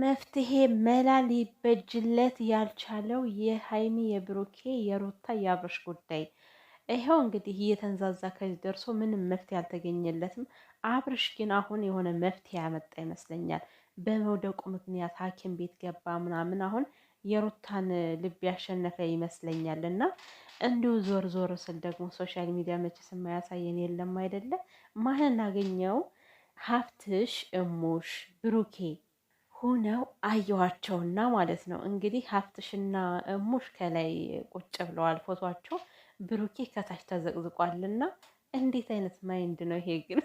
መፍትሄ መላ ሊበጅለት ያልቻለው የሀይሚ የብሩኬ የሩታ የአብርሽ ጉዳይ ይኸው እንግዲህ እየተንዛዛ ከዚህ ደርሶ ምንም መፍትሄ አልተገኘለትም። አብርሽ ግን አሁን የሆነ መፍትሄ ያመጣ ይመስለኛል። በመውደቁ ምክንያት ሐኪም ቤት ገባ ምናምን አሁን የሩታን ልብ ያሸነፈ ይመስለኛል። እና እንዲሁ ዞር ዞር ስል ደግሞ ሶሻል ሚዲያ መቼስ የማያሳየን የለም አይደለ? ማንን አገኘው? ሀፍትሽ፣ እሙሽ ብሩኬ ሆነው አየኋቸውና ማለት ነው እንግዲህ ሀብትሽና እሙሽ ከላይ ቁጭ ብለዋል። ፎቷቸው ብሩኬ ከታች ተዘቅዝቋልና እንዴት አይነት ማይንድ ነው ይሄ ግን?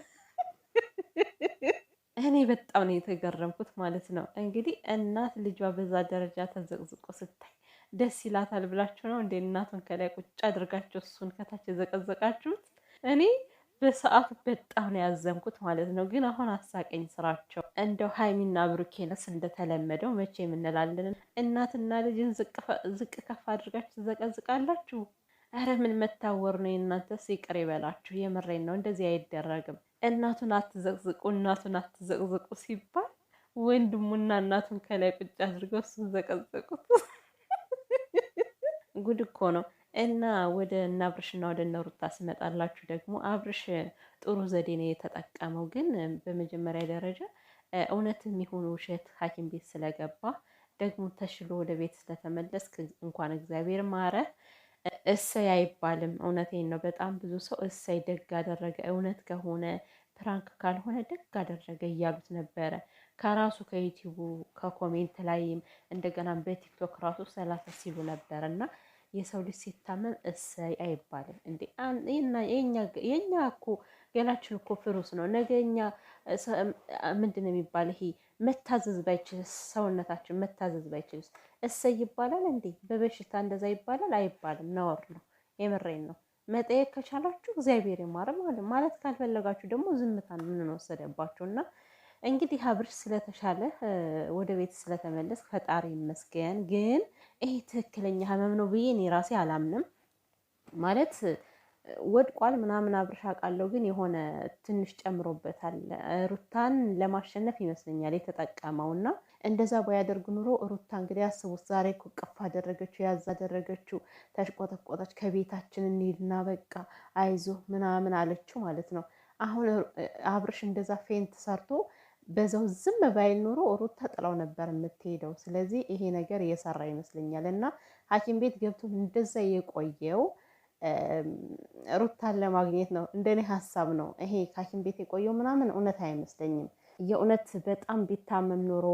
እኔ በጣም ነው የተገረምኩት ማለት ነው። እንግዲህ እናት ልጇ በዛ ደረጃ ተዘቅዝቆ ስታይ ደስ ይላታል ብላችሁ ነው እንደ እናቱን ከላይ ቁጭ አድርጋችሁ እሱን ከታች የዘቀዘቃችሁት እኔ በሰዓቱ በጣም ነው ያዘንኩት ማለት ነው። ግን አሁን አሳቀኝ ስራቸው። እንደው ሀይሚና ብሩኬነስ እንደተለመደው መቼም እንላለን እናትና ልጅን ዝቅ ከፍ አድርጋችሁ ትዘቀዝቃላችሁ። እረ ምን መታወር ነው የእናንተ ይቅር ይበላችሁ። የምሬን ነው፣ እንደዚህ አይደረግም። እናቱን አትዘቅዝቁ፣ እናቱን አትዘቅዝቁ ሲባል ወንድሙና እናቱን ከላይ ቁጭ አድርገው እሱን ዘቀዘቁት። ጉድ እኮ ነው። እና ወደ እነ አብርሽና ወደ እነ ሩታ ስመጣላችሁ ደግሞ አብርሽ ጥሩ ዘዴ ነው የተጠቀመው። ግን በመጀመሪያ ደረጃ እውነት የሚሆኑ ውሸት ሐኪም ቤት ስለገባ ደግሞ ተሽሎ ወደ ቤት ስለተመለስ እንኳን እግዚአብሔር ማረ እሰይ አይባልም። እውነቴን ነው። በጣም ብዙ ሰው እሰይ ደግ አደረገ፣ እውነት ከሆነ ፕራንክ ካልሆነ ደግ አደረገ እያሉት ነበረ። ከራሱ ከዩቲዩቡ ከኮሜንት ላይም እንደገናም በቲክቶክ ራሱ ሰላሳ ሲሉ ነበር እና የሰው ልጅ ሲታመም እሰይ አይባልም እንዴ? የኛ እኮ ገላችን እኮ ፍሩስ ነው። ነገ እኛ ምንድን ነው የሚባል ይሄ መታዘዝ ባይችልስ፣ ሰውነታችን መታዘዝ ባይችልስ እሰይ ይባላል እንዴ? በበሽታ እንደዛ ይባላል አይባልም። ነወር ነው። የምሬን ነው። መጠየቅ ከቻላችሁ እግዚአብሔር ይማረ ማለት ማለት ካልፈለጋችሁ ደግሞ ዝምታን የምንወሰደባችሁ እና እንግዲህ አብርሽ ስለተሻለ ወደ ቤት ስለተመለስ ፈጣሪ ይመስገን። ግን ይሄ ትክክለኛ ህመም ነው ብዬ እኔ ራሴ አላምንም። ማለት ወድቋል ምናምን አብርሽ አውቃለሁ፣ ግን የሆነ ትንሽ ጨምሮበታል። ሩታን ለማሸነፍ ይመስለኛል የተጠቀመው እና እንደዛ ባያደርግ ኑሮ ሩታ እንግዲህ አስቡት፣ ዛሬ እኮ ቀፍ አደረገችው፣ ያዝ አደረገችው፣ ተሽቆጠቆጠች። ከቤታችን እንሂድና በቃ አይዞ ምናምን አለችው ማለት ነው። አሁን አብርሽ እንደዛ ፌንት ሰርቶ በዛው ዝም ባይል ኑሮ ሩታ ጥላው ነበር የምትሄደው። ስለዚህ ይሄ ነገር እየሰራ ይመስለኛል እና ሐኪም ቤት ገብቶ እንደዛ የቆየው ሩታን ለማግኘት ነው። እንደኔ ሀሳብ ነው ይሄ ሐኪም ቤት የቆየው ምናምን እውነት አይመስለኝም። የእውነት በጣም ቢታመም ኑሮ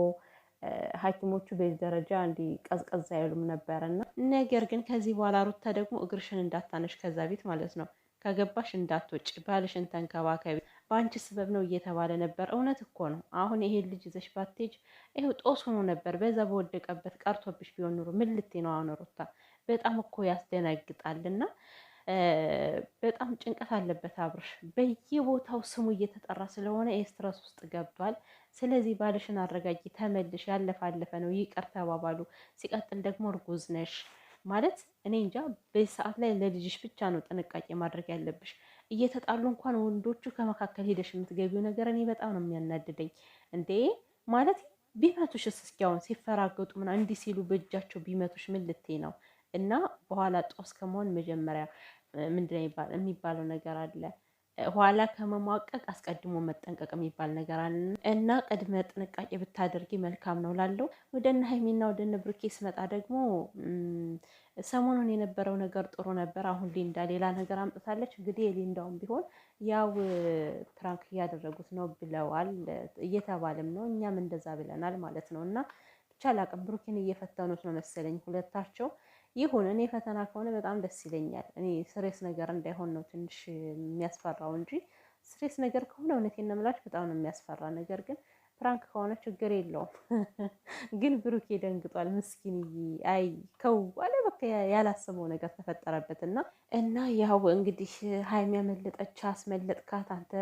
ሐኪሞቹ በዚህ ደረጃ እንዲ ቀዝቀዝ አይሉም ነበር እና ነገር ግን ከዚህ በኋላ ሩታ ደግሞ እግርሽን እንዳታነሽ ከዛ ቤት ማለት ነው ከገባሽ እንዳትወጭ፣ ባልሽን ተንከባከቢ በአንቺ ስበብ ነው እየተባለ ነበር። እውነት እኮ ነው። አሁን ይሄን ልጅ ይዘሽ ባትሄጂ ይኸው ጦስ ሆኖ ነበር። በዛ በወደቀበት ቀርቶብሽ ቢሆን ኑሮ ምን ልትይ ነው? አሁን ሩታ በጣም እኮ ያስደነግጣልና በጣም ጭንቀት አለበት አብርሽ። በየቦታው ስሙ እየተጠራ ስለሆነ ኤስትረስ ውስጥ ገብቷል። ስለዚህ ባልሽን አረጋጊ፣ ተመልሽ፣ ያለፈ አለፈ ነው፣ ይቅር ተባባሉ። ሲቀጥል ደግሞ እርጉዝ ነሽ ማለት እኔ እንጃ። በሰዓት ላይ ለልጅሽ ብቻ ነው ጥንቃቄ ማድረግ ያለብሽ። እየተጣሉ እንኳን ወንዶቹ ከመካከል ሄደሽ የምትገቢው ነገር እኔ በጣም ነው የሚያናድደኝ። እንዴ ማለት ቢመቱሽ እስኪያውን ሲፈራገጡ ምን እንዲህ ሲሉ በእጃቸው ቢመቱሽ ምን ልትይ ነው? እና በኋላ ጦስ ከመሆን መጀመሪያ ምንድን ነው የሚባለው ነገር አለ ኋላ ከመሟቀቅ አስቀድሞ መጠንቀቅ የሚባል ነገር አለ እና ቅድመ ጥንቃቄ ብታደርጊ መልካም ነው ላለው። ወደነ ሀይሚና ወደነ ብሩኬ ስመጣ ደግሞ ሰሞኑን የነበረው ነገር ጥሩ ነበር። አሁን ሊንዳ ሌላ ነገር አምጥታለች። እንግዲህ የሊንዳውም ቢሆን ያው ፕራንክ እያደረጉት ነው ብለዋል እየተባለም ነው። እኛም እንደዛ ብለናል ማለት ነው። እና ብቻ ላቅም ብሩኬን እየፈተኑት ነው መሰለኝ ሁለታቸው ይሁን። እኔ ፈተና ከሆነ በጣም ደስ ይለኛል። እኔ ስሬስ ነገር እንዳይሆን ነው ትንሽ የሚያስፈራው እንጂ ስሬስ ነገር ከሆነ እውነቴን ነው የምላችሁ በጣም ነው የሚያስፈራ። ነገር ግን ፕራንክ ከሆነ ችግር የለውም። ግን ብሩኬ ደንግጧል። ምስኪንዬ አይ ከው አለ በቃ ያላሰበው ነገር ተፈጠረበት እና እና ያው እንግዲህ ሀይሚ ያመለጠች አስመለጥካት አንተ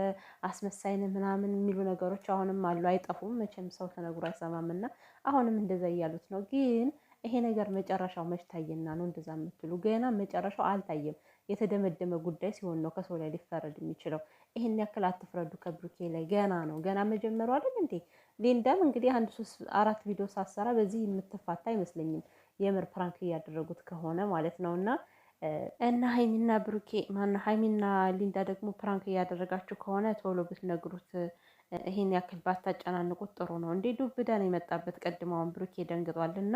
አስመሳይን ምናምን የሚሉ ነገሮች አሁንም አሉ፣ አይጠፉም። መቼም ሰው ተነግሮ አይሰማም እና አሁንም እንደዛ እያሉት ነው ግን ይሄ ነገር መጨረሻው መች ታየና ነው እንደዛ የምትሉ? ገና መጨረሻው አልታየም። የተደመደመ ጉዳይ ሲሆን ነው ከሰው ላይ ሊፈረድ የሚችለው። ይህን ያክል አትፍረዱ ከብሩኬ ላይ ገና ነው፣ ገና መጀመሩ አይደል እንዴ? ሊንዳም እንግዲህ አንድ ሶስት አራት ቪዲዮ ሳሰራ በዚህ የምትፋታ አይመስለኝም። የምር ፕራንክ እያደረጉት ከሆነ ማለት ነው እና እና ሀይሚና ብሩኬ ማና ሀይሚና ሊንዳ ደግሞ ፕራንክ እያደረጋችሁ ከሆነ ቶሎ ብትነግሩት ይሄን ያክል ባታጨናንቁት ጥሩ ነው። እንዴ ዱብ እዳ ነው የመጣበት። ቀድማውን ብሩኬ እና